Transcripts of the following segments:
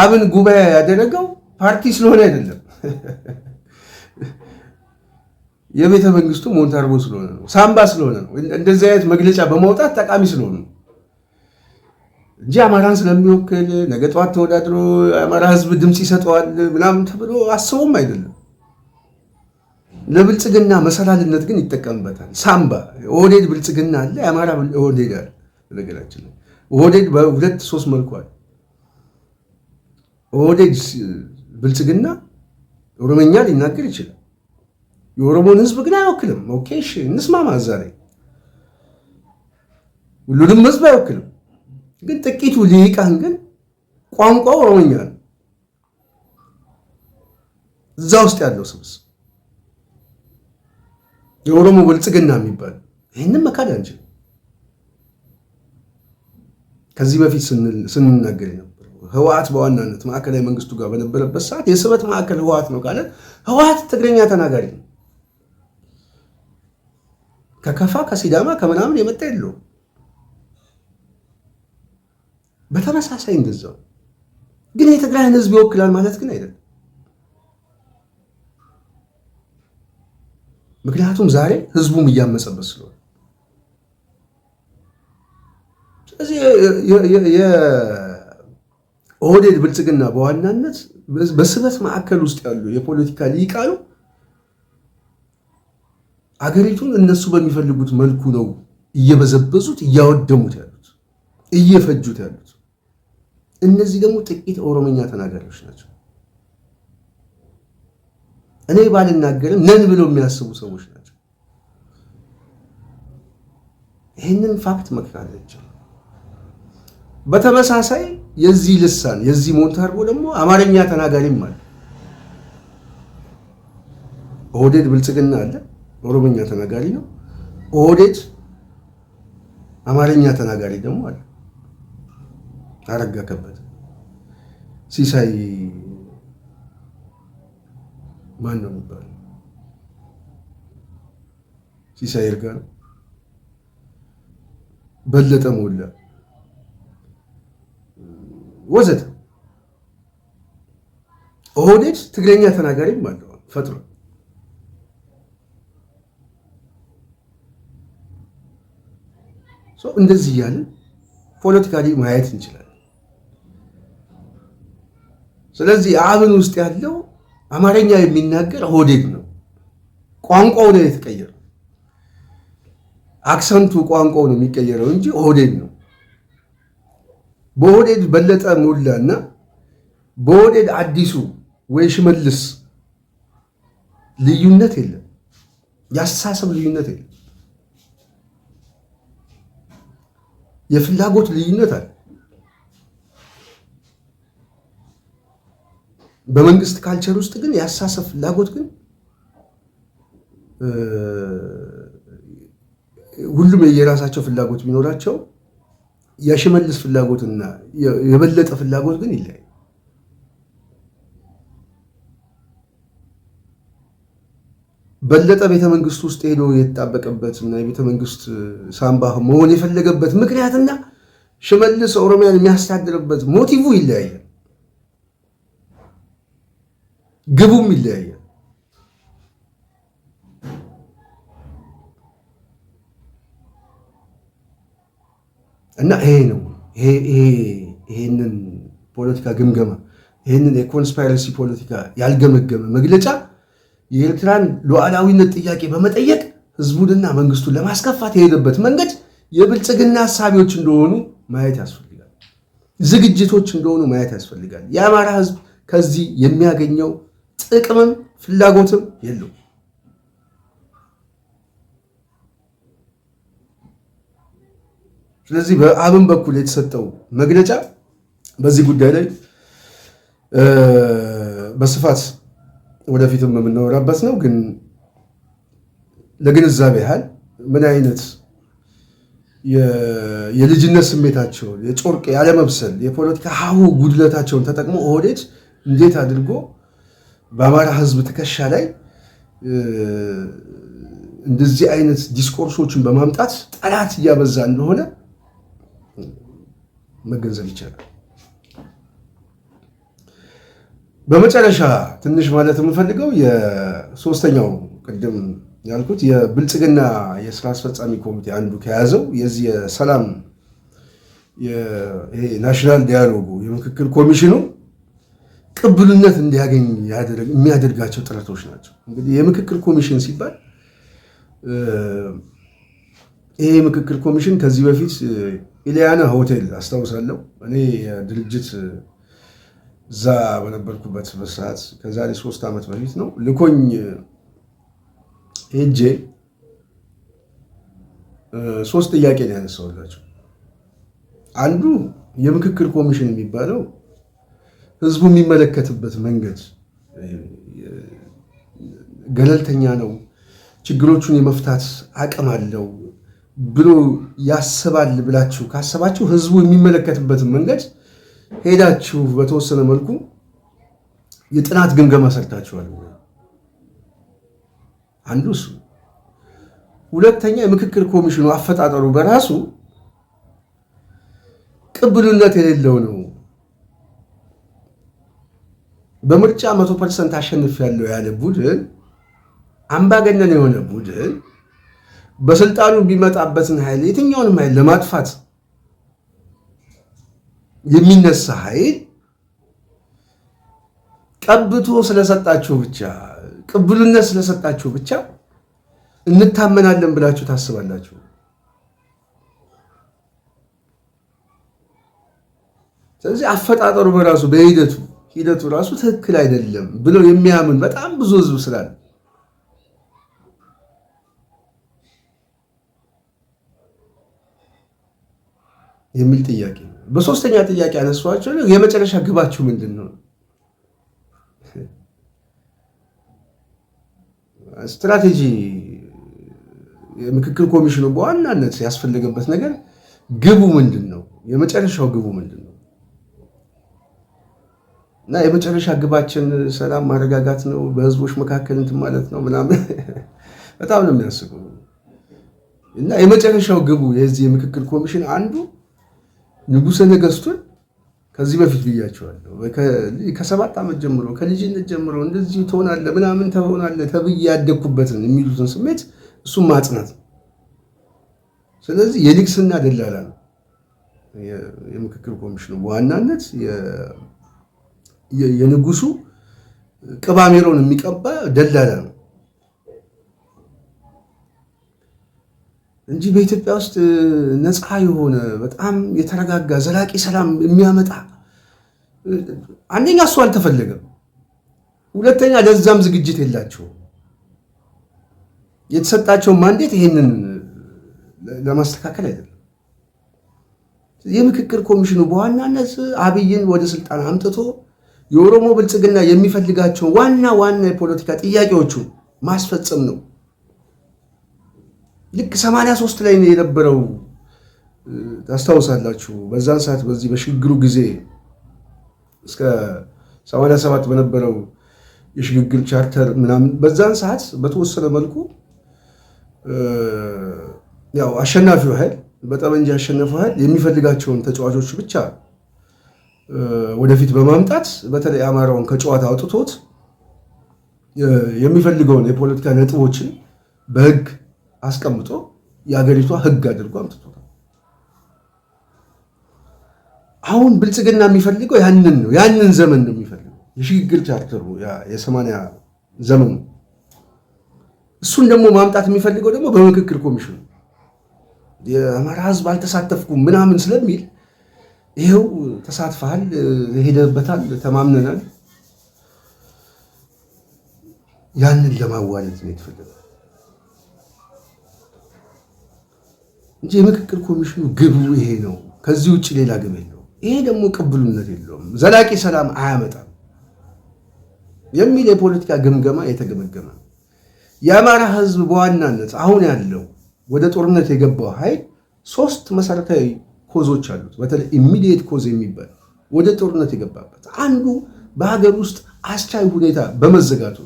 አብን ጉባኤ ያደረገው ፓርቲ ስለሆነ አይደለም፣ የቤተ መንግስቱ ሞንታርቦ ስለሆነ ነው፣ ሳምባ ስለሆነ ነው፣ እንደዚህ አይነት መግለጫ በማውጣት ጠቃሚ ስለሆነ ነው እንጂ አማራን ስለሚወክል ነገ ጠዋት ተወዳድሮ የአማራ ህዝብ ድምፅ ይሰጠዋል ምናምን ተብሎ አስቦም አይደለም። ለብልጽግና መሰላልነት ግን ይጠቀምበታል። ሳምባ ኦህዴድ ብልጽግና አለ፣ የአማራ ኦህዴድ አለ። ነገራችን ኦህዴድ በሁለት ሶስት መልኩ አለ። ኦህዴድ ብልጽግና ኦሮምኛ ሊናገር ይችላል። የኦሮሞን ህዝብ ግን አይወክልም። ኦኬ እሺ እንስማማ። እዛ ላይ ሁሉንም ህዝብ አይወክልም። ግን ጥቂቱ ሊቃን ግን ቋንቋ ኦሮምኛ ነው። እዛ ውስጥ ያለው ስብስ የኦሮሞ ብልጽግና የሚባል ይህንም መካድ አንችልም። ከዚህ በፊት ስንናገር ነው ህወሓት በዋናነት ማዕከላዊ መንግስቱ ጋር በነበረበት ሰዓት የስበት ማዕከል ህወሓት ነው ካለ ህወሓት ትግረኛ ተናጋሪ ነው። ከከፋ ከሲዳማ ከምናምን የመጣ የለው። በተመሳሳይ እንደዛው ግን የትግራይን ህዝብ ይወክላል ማለት ግን አይደለም። ምክንያቱም ዛሬ ህዝቡም እያመፀበት ስለሆነ ስለዚህ ኦህዴድ ብልጽግና በዋናነት በስበት ማዕከል ውስጥ ያሉ የፖለቲካ ሊቃሉ አገሪቱን እነሱ በሚፈልጉት መልኩ ነው እየበዘበዙት፣ እያወደሙት ያሉት፣ እየፈጁት ያሉት። እነዚህ ደግሞ ጥቂት ኦሮምኛ ተናጋሪዎች ናቸው። እኔ ባልናገርም ነን ብለው የሚያስቡ ሰዎች ናቸው። ይህንን ፋክት መካድ በተመሳሳይ የዚህ ልሳን የዚህ ሞንታርቦ ደግሞ አማርኛ ተናጋሪም አለ። ኦህዴድ ብልጽግና አለ፣ ኦሮምኛ ተናጋሪ ነው። ኦህዴድ አማርኛ ተናጋሪ ደግሞ አለ። አረጋ ከበደ፣ ሲሳይ ማን ነው የሚባለው? ሲሳይ እርጋ ነው። በለጠ ሞላ ወዘተ ኦህዴድ ትግረኛ ተናጋሪም አለው ፈጥሮ እንደዚህ እያለን ፖለቲካ ማየት እንችላለን። ስለዚህ አብን ውስጥ ያለው አማርኛ የሚናገር ኦህዴድ ነው። ቋንቋው ነው የተቀየረው። አክሰንቱ ቋንቋው ነው የሚቀየረው እንጂ ኦህዴድ ነው። በኦህዴድ በለጠ ሞላ እና በኦህዴድ አዲሱ ወይ ሽመልስ ልዩነት የለም፣ የአስተሳሰብ ልዩነት የለም፣ የፍላጎት ልዩነት አለ። በመንግስት ካልቸር ውስጥ ግን የአስተሳሰብ ፍላጎት ግን ሁሉም የየራሳቸው ፍላጎት ቢኖራቸው የሽመልስ ፍላጎትና የበለጠ ፍላጎት ግን ይለያል። በለጠ ቤተ መንግስት ውስጥ ሄዶ የተጣበቀበት እና የቤተ መንግስት ሳምባ መሆን የፈለገበት ምክንያትና ሽመልስ ኦሮሚያን የሚያስተዳድርበት ሞቲቭ ይለያያል፣ ግቡም ይለያያል። እና ይሄ ነው ይሄንን ፖለቲካ ግምገማ ይህንን የኮንስፓይረሲ ፖለቲካ ያልገመገመ መግለጫ የኤርትራን ሉዓላዊነት ጥያቄ በመጠየቅ ህዝቡንና መንግስቱን ለማስከፋት የሄደበት መንገድ የብልጽግና ሀሳቢዎች እንደሆኑ ማየት ያስፈልጋል። ዝግጅቶች እንደሆኑ ማየት ያስፈልጋል። የአማራ ህዝብ ከዚህ የሚያገኘው ጥቅምም ፍላጎትም የለው። ስለዚህ በአብን በኩል የተሰጠው መግለጫ በዚህ ጉዳይ ላይ በስፋት ወደፊትም የምናወራበት ነው። ግን ለግንዛቤ ያህል ምን አይነት የልጅነት ስሜታቸውን የጮርቅ ያለመብሰል የፖለቲካ ሀሁ ጉድለታቸውን ተጠቅሞ ኦህዴድ እንዴት አድርጎ በአማራ ሕዝብ ትከሻ ላይ እንደዚህ አይነት ዲስኮርሶችን በማምጣት ጠላት እያበዛ እንደሆነ መገንዘብ ይቻላል። በመጨረሻ ትንሽ ማለት የምፈልገው የሶስተኛው ቅድም ያልኩት የብልጽግና የስራ አስፈጻሚ ኮሚቴ አንዱ ከያዘው የዚህ የሰላም ናሽናል ዲያሎጉ የምክክል ኮሚሽኑ ቅብልነት እንዲያገኝ የሚያደርጋቸው ጥረቶች ናቸው። እንግዲህ የምክክል ኮሚሽን ሲባል ይሄ የምክክል ኮሚሽን ከዚህ በፊት ኢሊያና ሆቴል አስታውሳለሁ። እኔ ድርጅት እዛ በነበርኩበት በሰዓት ከዛሬ ሶስት ዓመት በፊት ነው ልኮኝ ሄጄ ሶስት ጥያቄ ነው ያነሳውላቸው። አንዱ የምክክር ኮሚሽን የሚባለው ህዝቡ የሚመለከትበት መንገድ ገለልተኛ ነው፣ ችግሮቹን የመፍታት አቅም አለው ብሎ ያስባል ብላችሁ ካሰባችሁ ህዝቡ የሚመለከትበትን መንገድ ሄዳችሁ በተወሰነ መልኩ የጥናት ግምገማ ሰርታችኋል። አንዱ እሱ። ሁለተኛ የምክክር ኮሚሽኑ አፈጣጠሩ በራሱ ቅብልነት የሌለው ነው። በምርጫ መቶ ፐርሰንት አሸንፍ ያለው ያለ ቡድን አምባገነን የሆነ ቡድን በስልጣኑ የሚመጣበትን ኃይል የትኛውንም ኃይል ለማጥፋት የሚነሳ ኃይል ቀብቶ ስለሰጣችሁ ብቻ ቅቡልነት ስለሰጣችሁ ብቻ እንታመናለን ብላችሁ ታስባላችሁ። ስለዚህ አፈጣጠሩ በራሱ በሂደቱ ሂደቱ ራሱ ትክክል አይደለም ብለው የሚያምን በጣም ብዙ ህዝብ ስላለ የሚል ጥያቄ ነው። በሶስተኛ ጥያቄ አነሷቸው። የመጨረሻ ግባችሁ ምንድን ነው? ስትራቴጂ የምክክር ኮሚሽኑ በዋናነት ያስፈለገበት ነገር ግቡ ምንድን ነው? የመጨረሻው ግቡ ምንድን ነው? እና የመጨረሻ ግባችን ሰላም ማረጋጋት ነው፣ በህዝቦች መካከል እንትን ማለት ነው ምናምን በጣም ነው የሚያስቡ እና የመጨረሻው ግቡ የዚህ የምክክር ኮሚሽን አንዱ ንጉሰ ነገስቱን ከዚህ በፊት ብያቸዋለሁ። ከሰባት ዓመት ጀምሮ ከልጅነት ጀምሮ እንደዚህ ትሆናለ ምናምን ትሆናለ ተብዬ ያደግኩበትን የሚሉትን ስሜት እሱም ማጽናት ነው። ስለዚህ የንግስና ደላላ ነው የምክክር ኮሚሽኑ በዋናነት የንጉሱ ቅባሜሮን የሚቀባ ደላላ ነው። እንጂ በኢትዮጵያ ውስጥ ነፃ የሆነ በጣም የተረጋጋ ዘላቂ ሰላም የሚያመጣ አንደኛ እሱ አልተፈለገም። ሁለተኛ ለዛም ዝግጅት የላቸው የተሰጣቸው ማንዴት ይህንን ለማስተካከል አይደለም። የምክክር ኮሚሽኑ በዋናነት አብይን ወደ ስልጣን አምጥቶ የኦሮሞ ብልጽግና የሚፈልጋቸው ዋና ዋና የፖለቲካ ጥያቄዎቹ ማስፈጸም ነው። ልክ 83 ላይ የነበረው ታስታውሳላችሁ። በዛን ሰዓት በዚህ በሽግግሩ ጊዜ እስከ 87 በነበረው የሽግግር ቻርተር ምናምን በዛን ሰዓት በተወሰነ መልኩ ያው አሸናፊው ኃይል በጠመንጃ ያሸነፈው ኃይል የሚፈልጋቸውን ተጫዋቾች ብቻ ወደፊት በማምጣት በተለይ አማራውን ከጨዋታ አውጥቶት የሚፈልገውን የፖለቲካ ነጥቦችን በህግ። አስቀምጦ የሀገሪቷ ህግ አድርጎ አምጥቶታል። አሁን ብልጽግና የሚፈልገው ያንን ነው። ያንን ዘመን ነው የሚፈልገው የሽግግር ቻርተሩ የሰማንያ ዘመኑ። እሱን ደግሞ ማምጣት የሚፈልገው ደግሞ በምክክር ኮሚሽኑ የአማራ ህዝብ አልተሳተፍኩም ምናምን ስለሚል ይኸው ተሳትፈሃል፣ ሄደበታል፣ ተማምነናል። ያንን ለማዋለት ነው የተፈለገው። እንጂ የምክክር ኮሚሽኑ ግቡ ይሄ ነው። ከዚህ ውጭ ሌላ ግብ የለውም። ይሄ ደግሞ ቅብሉነት የለውም፣ ዘላቂ ሰላም አያመጣም የሚል የፖለቲካ ግምገማ የተገመገመ የአማራ ሕዝብ በዋናነት አሁን ያለው ወደ ጦርነት የገባው ኃይል ሶስት መሰረታዊ ኮዞች አሉት። በተለይ ኢሚዲየት ኮዝ የሚባል ወደ ጦርነት የገባበት አንዱ በሀገር ውስጥ አስቻይ ሁኔታ በመዘጋቱ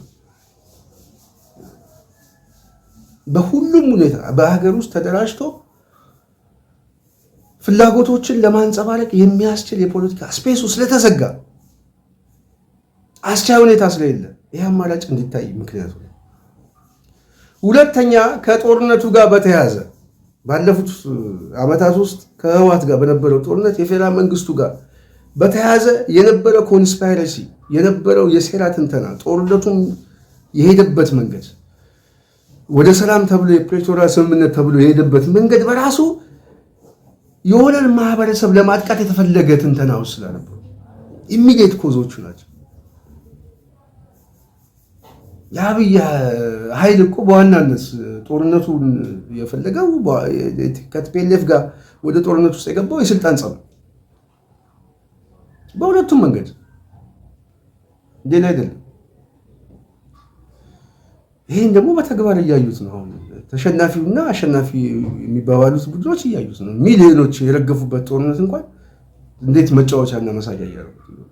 በሁሉም ሁኔታ በሀገር ውስጥ ተደራጅቶ ፍላጎቶችን ለማንጸባረቅ የሚያስችል የፖለቲካ ስፔሱ ስለተዘጋ አስቻይ ሁኔታ ስለሌለ ይህ አማራጭ እንዲታይ ምክንያቱ ነው። ሁለተኛ ከጦርነቱ ጋር በተያያዘ ባለፉት ዓመታት ውስጥ ከህወሓት ጋር በነበረው ጦርነት የፌዴራል መንግስቱ ጋር በተያያዘ የነበረ ኮንስፓይረሲ የነበረው የሴራ ትንተና ጦርነቱም የሄደበት መንገድ ወደ ሰላም ተብሎ የፕሬቶሪያ ስምምነት ተብሎ የሄደበት መንገድ በራሱ የሆነን ማህበረሰብ ለማጥቃት የተፈለገ ትንተና ውስጥ ስለነበሩ ኢሚዲየት ኮዞቹ ናቸው። የአብይ ኃይል እኮ በዋናነት ጦርነቱን የፈለገው ከቲፒኤልኤፍ ጋር ወደ ጦርነት ውስጥ የገባው የስልጣን ጸብ በሁለቱም መንገድ ሌላ አይደለም። ይህን ደግሞ በተግባር እያዩት ነው። አሁን ተሸናፊውና አሸናፊ የሚባባሉት ቡድኖች እያዩት ነው። ሚሊዮኖች የረገፉበት ጦርነት እንኳን እንዴት መጫወቻና መሳቂያ እያደረጉት ነው።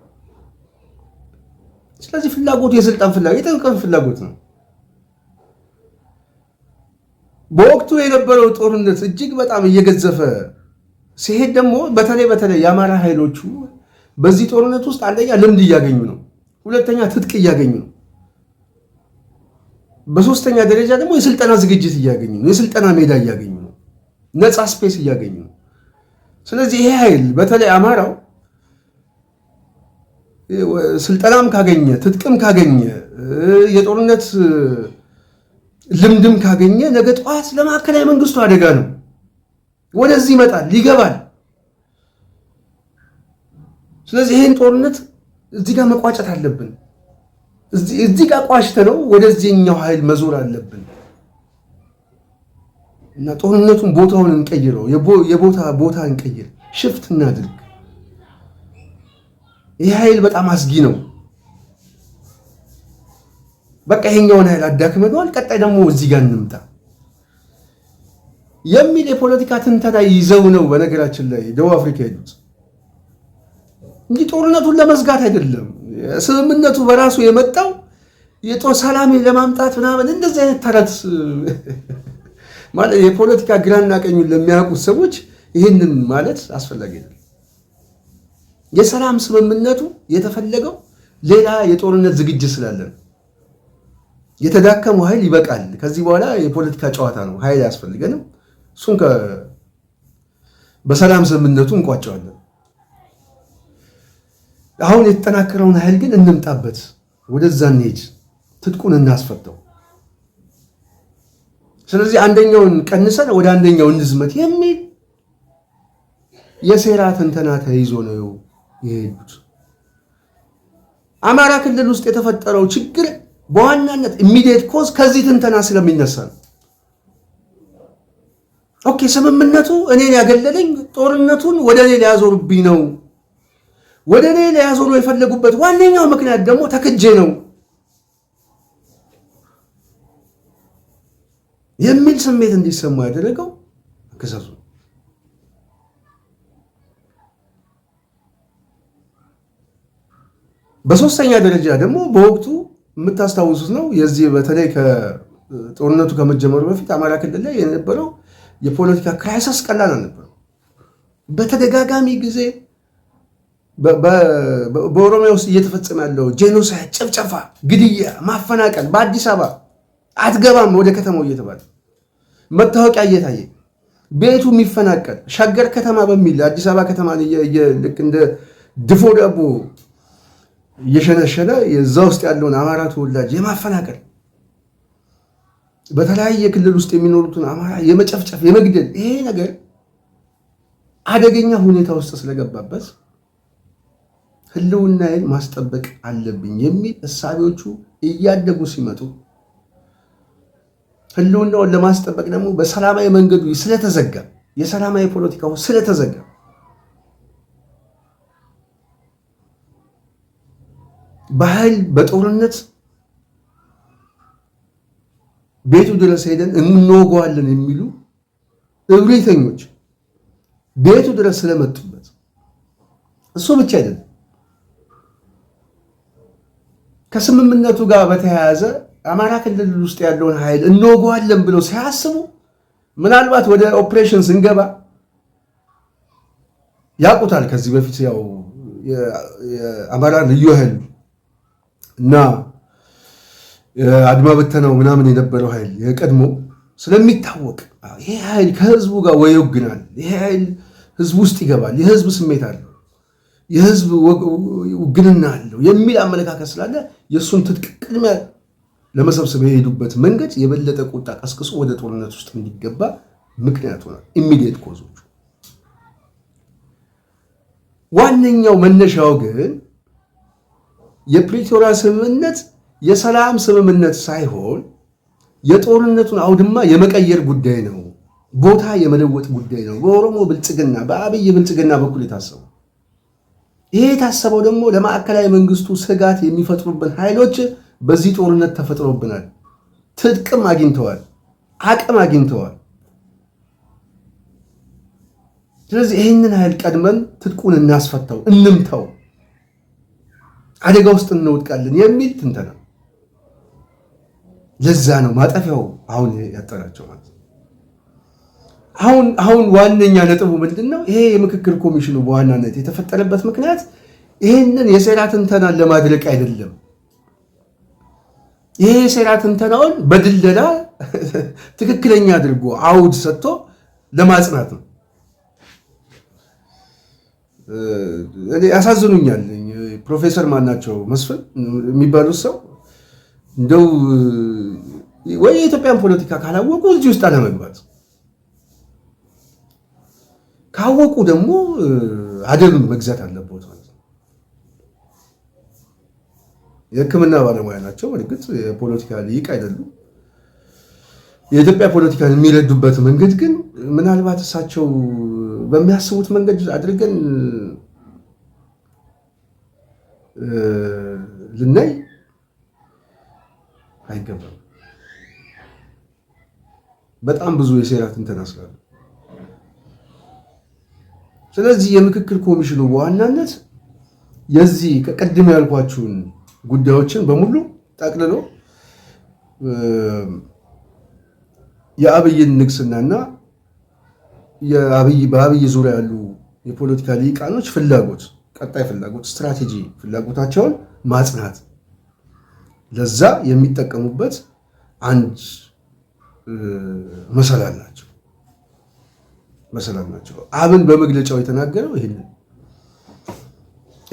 ስለዚህ ፍላጎቱ የስልጣን ፍላጎት የጥቅም ፍላጎት ነው። በወቅቱ የነበረው ጦርነት እጅግ በጣም እየገዘፈ ሲሄድ ደግሞ በተለይ በተለይ የአማራ ኃይሎቹ በዚህ ጦርነት ውስጥ አንደኛ ልምድ እያገኙ ነው፣ ሁለተኛ ትጥቅ እያገኙ ነው። በሶስተኛ ደረጃ ደግሞ የስልጠና ዝግጅት እያገኙ ነው። የስልጠና ሜዳ እያገኙ ነው። ነፃ ስፔስ እያገኙ ነው። ስለዚህ ይሄ ኃይል በተለይ አማራው ስልጠናም ካገኘ ትጥቅም ካገኘ የጦርነት ልምድም ካገኘ ነገ ጠዋት ለማዕከላዊ መንግስቱ አደጋ ነው። ወደዚህ ይመጣል፣ ይገባል። ስለዚህ ይህን ጦርነት እዚህ ጋር መቋጨት አለብን። እዚህ ጋር ቋሽተ ነው ወደዚህኛው ኃይል መዞር አለብን እና ጦርነቱን ቦታውን እንቀይረው፣ የቦታ ቦታ እንቀይር፣ ሽፍት እናድርግ። ይህ ኃይል በጣም አስጊ ነው። በቃ ይሄኛውን ኃይል አዳክመነዋል፣ ቀጣይ ደግሞ እዚህ ጋር እንምጣ የሚል የፖለቲካ ትንተና ይዘው ነው በነገራችን ላይ ደቡብ አፍሪካ ሄዱት እንጂ ጦርነቱን ለመዝጋት አይደለም። ስምምነቱ በራሱ የመጣው የጦር ሰላም ለማምጣት ምናምን እንደዚህ አይነት ተረት ማለት የፖለቲካ ግራና ቀኙን ለሚያውቁት ሰዎች ይህንን ማለት አስፈላጊ ነው። የሰላም ስምምነቱ የተፈለገው ሌላ የጦርነት ዝግጅት ስላለ ነው። የተዳከመው ኃይል ይበቃል። ከዚህ በኋላ የፖለቲካ ጨዋታ ነው፣ ኃይል አያስፈልገንም። እሱን በሰላም ስምምነቱ እንቋጨዋለን። አሁን የተጠናከረውን ኃይል ግን እንምጣበት፣ ወደዛ እንሄድ፣ ትጥቁን እናስፈተው። ስለዚህ አንደኛውን ቀንሰን ወደ አንደኛው እንዝመት የሚል የሴራ ትንተና ተይዞ ነው የሄዱት። አማራ ክልል ውስጥ የተፈጠረው ችግር በዋናነት ኢሚዲየት ኮዝ ከዚህ ትንተና ስለሚነሳ ነው። ኦኬ ስምምነቱ እኔን ያገለለኝ ጦርነቱን ወደ እኔ ሊያዞርብኝ ነው ወደ እኔ ሊያዞሩ የፈለጉበት ዋነኛው ምክንያት ደግሞ ተክጄ ነው የሚል ስሜት እንዲሰማ ያደረገው ክሰሱ። በሶስተኛ ደረጃ ደግሞ በወቅቱ የምታስታውሱት ነው። የዚህ በተለይ ጦርነቱ ከመጀመሩ በፊት አማራ ክልል ላይ የነበረው የፖለቲካ ክራይሰስ ቀላል አልነበረም። በተደጋጋሚ ጊዜ በኦሮሚያ ውስጥ እየተፈጸመ ያለው ጄኖሳይድ፣ ጭፍጨፋ፣ ግድያ፣ ማፈናቀል በአዲስ አበባ አትገባም ወደ ከተማው እየተባለ መታወቂያ እየታየ ቤቱ የሚፈናቀል ሸገር ከተማ በሚል አዲስ አበባ ከተማ ልክ እንደ ድፎ ዳቦ እየሸነሸነ የዛ ውስጥ ያለውን አማራ ተወላጅ የማፈናቀል በተለያየ ክልል ውስጥ የሚኖሩትን አማራ የመጨፍጨፍ የመግደል ይሄ ነገር አደገኛ ሁኔታ ውስጥ ስለገባበት ህልውናዬን ማስጠበቅ አለብኝ የሚል እሳቤዎቹ እያደጉ ሲመጡ ህልውናውን ለማስጠበቅ ደግሞ በሰላማዊ መንገዱ ስለተዘጋ የሰላማዊ ፖለቲካው ስለተዘጋ በኃይል በጦርነት ቤቱ ድረስ ሄደን እንወገዋለን የሚሉ እብሪተኞች ቤቱ ድረስ ስለመጡበት እሱ ብቻ አይደለም። ከስምምነቱ ጋር በተያያዘ አማራ ክልል ውስጥ ያለውን ኃይል እንወገዋለን ብለው ሳያስቡ ምናልባት ወደ ኦፕሬሽን ስንገባ ያውቁታል። ከዚህ በፊት ያው የአማራ ልዩ ኃይል እና አድማ በተናው ምናምን የነበረው ኃይል የቀድሞ ስለሚታወቅ ይሄ ኃይል ከህዝቡ ጋር ወይወግናል። ይሄ ኃይል ህዝብ ውስጥ ይገባል። የህዝብ ስሜት አለው። የህዝብ ውግንና ነው የሚል አመለካከት ስላለ የእሱን ትጥቅ ቅድሚያ ለመሰብሰብ የሄዱበት መንገድ የበለጠ ቁጣ ቀስቅሶ ወደ ጦርነት ውስጥ እንዲገባ ምክንያት ሆናል። ኢሚዲየት ኮዞቹ ዋነኛው መነሻው ግን የፕሪቶሪያ ስምምነት የሰላም ስምምነት ሳይሆን የጦርነቱን አውድማ የመቀየር ጉዳይ ነው፣ ቦታ የመለወጥ ጉዳይ ነው። በኦሮሞ ብልጽግና በአብይ ብልጽግና በኩል የታሰቡ ይሄ የታሰበው ደግሞ ለማዕከላዊ መንግስቱ ስጋት የሚፈጥሩብን ኃይሎች በዚህ ጦርነት ተፈጥሮብናል። ትጥቅም አግኝተዋል፣ አቅም አግኝተዋል። ስለዚህ ይህንን ኃይል ቀድመን ትጥቁን እናስፈታው፣ እንምታው፣ አደጋ ውስጥ እንወድቃለን የሚል ትንተና። ለዛ ነው ማጠፊያው አሁን ያጠናቸው ማለት ነው። አሁን አሁን ዋነኛ ነጥቡ ምንድን ነው? ይሄ የምክክር ኮሚሽኑ በዋናነት የተፈጠረበት ምክንያት ይህንን የሴራ ትንተናን ለማድረቅ አይደለም። ይሄ የሴራ ትንተናውን በድለላ ትክክለኛ አድርጎ አውድ ሰጥቶ ለማጽናት ነው። ያሳዝኑኛል። ፕሮፌሰር ማናቸው መስፍን የሚባሉት ሰው እንደው ወይ የኢትዮጵያን ፖለቲካ ካላወቁ እዚህ ውስጥ አለመግባት ካወቁ ደግሞ አደሉን መግዛት አለበት ማለት ነው። የህክምና ባለሙያ ናቸው። እርግጥ የፖለቲካ ሊቅ አይደሉም። የኢትዮጵያ ፖለቲካን የሚረዱበት መንገድ ግን ምናልባት እሳቸው በሚያስቡት መንገድ አድርገን ልናይ አይገባም። በጣም ብዙ የሴራ ትንተና ስለዚህ የምክክር ኮሚሽኑ በዋናነት የዚህ ከቀድሞ ያልኳችሁን ጉዳዮችን በሙሉ ጠቅልሎ የአብይን ንግስናና በአብይ ዙሪያ ያሉ የፖለቲካ ሊቃኖች ፍላጎት ቀጣይ ፍላጎት ስትራቴጂ ፍላጎታቸውን ማጽናት ለዛ የሚጠቀሙበት አንድ መሰላል ናቸው። መሰላም ናቸው። አብን በመግለጫው የተናገረው ይህንን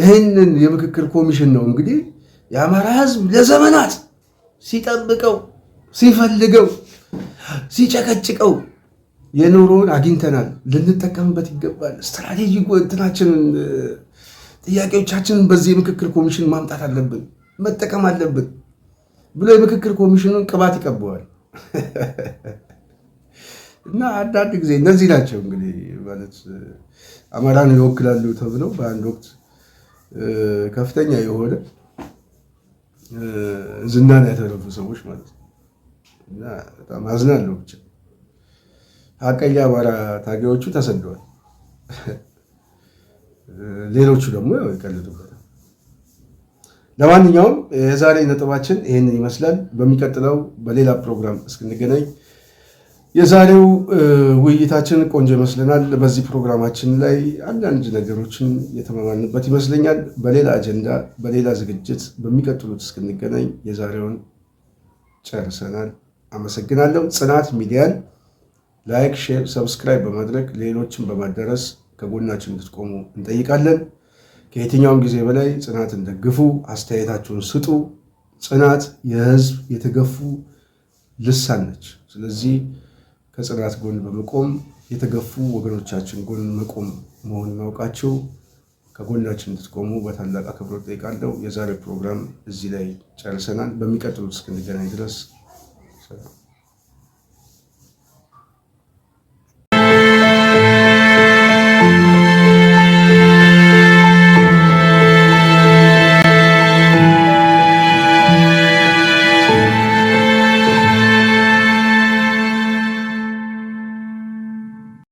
ይህንን የምክክር ኮሚሽን ነው እንግዲህ የአማራ ህዝብ ለዘመናት ሲጠብቀው ሲፈልገው ሲጨቀጭቀው የኖሮውን አግኝተናል፣ ልንጠቀምበት ይገባል፣ ስትራቴጂክ እንትናችንን ጥያቄዎቻችንን በዚህ የምክክር ኮሚሽን ማምጣት አለብን፣ መጠቀም አለብን ብሎ የምክክር ኮሚሽኑን ቅባት ይቀበዋል። እና አንዳንድ ጊዜ እነዚህ ናቸው እንግዲህ ማለት አማራን ይወክላሉ ተብለው በአንድ ወቅት ከፍተኛ የሆነ ዝናን ያተረፉ ሰዎች ማለት ነው። እና በጣም አዝናለሁ። ብቻ ሀቀኛ አማራ ታጋዮቹ ተሰደዋል፣ ሌሎቹ ደግሞ ይቀልዱበታል። ለማንኛውም የዛሬ ነጥባችን ይህንን ይመስላል። በሚቀጥለው በሌላ ፕሮግራም እስክንገናኝ የዛሬው ውይይታችን ቆንጆ ይመስለናል። በዚህ ፕሮግራማችን ላይ አንዳንድ ነገሮችን የተመማንበት ይመስለኛል። በሌላ አጀንዳ፣ በሌላ ዝግጅት በሚቀጥሉት እስክንገናኝ የዛሬውን ጨርሰናል። አመሰግናለሁ። ጽናት ሚዲያን ላይክ፣ ሼር፣ ሰብስክራይብ በማድረግ ሌሎችን በማዳረስ ከጎናችን እንድትቆሙ እንጠይቃለን። ከየትኛውም ጊዜ በላይ ጽናትን ደግፉ፣ አስተያየታችሁን ስጡ። ጽናት የህዝብ የተገፉ ልሳን ነች። ስለዚህ ከጽናት ጎን በመቆም የተገፉ ወገኖቻችን ጎን መቆም መሆኑን አውቃችሁ ከጎናችን እንድትቆሙ በታላቅ አክብሮት ጠይቃለሁ። የዛሬ ፕሮግራም እዚህ ላይ ጨርሰናል። በሚቀጥሉት እስክንገናኝ ድረስ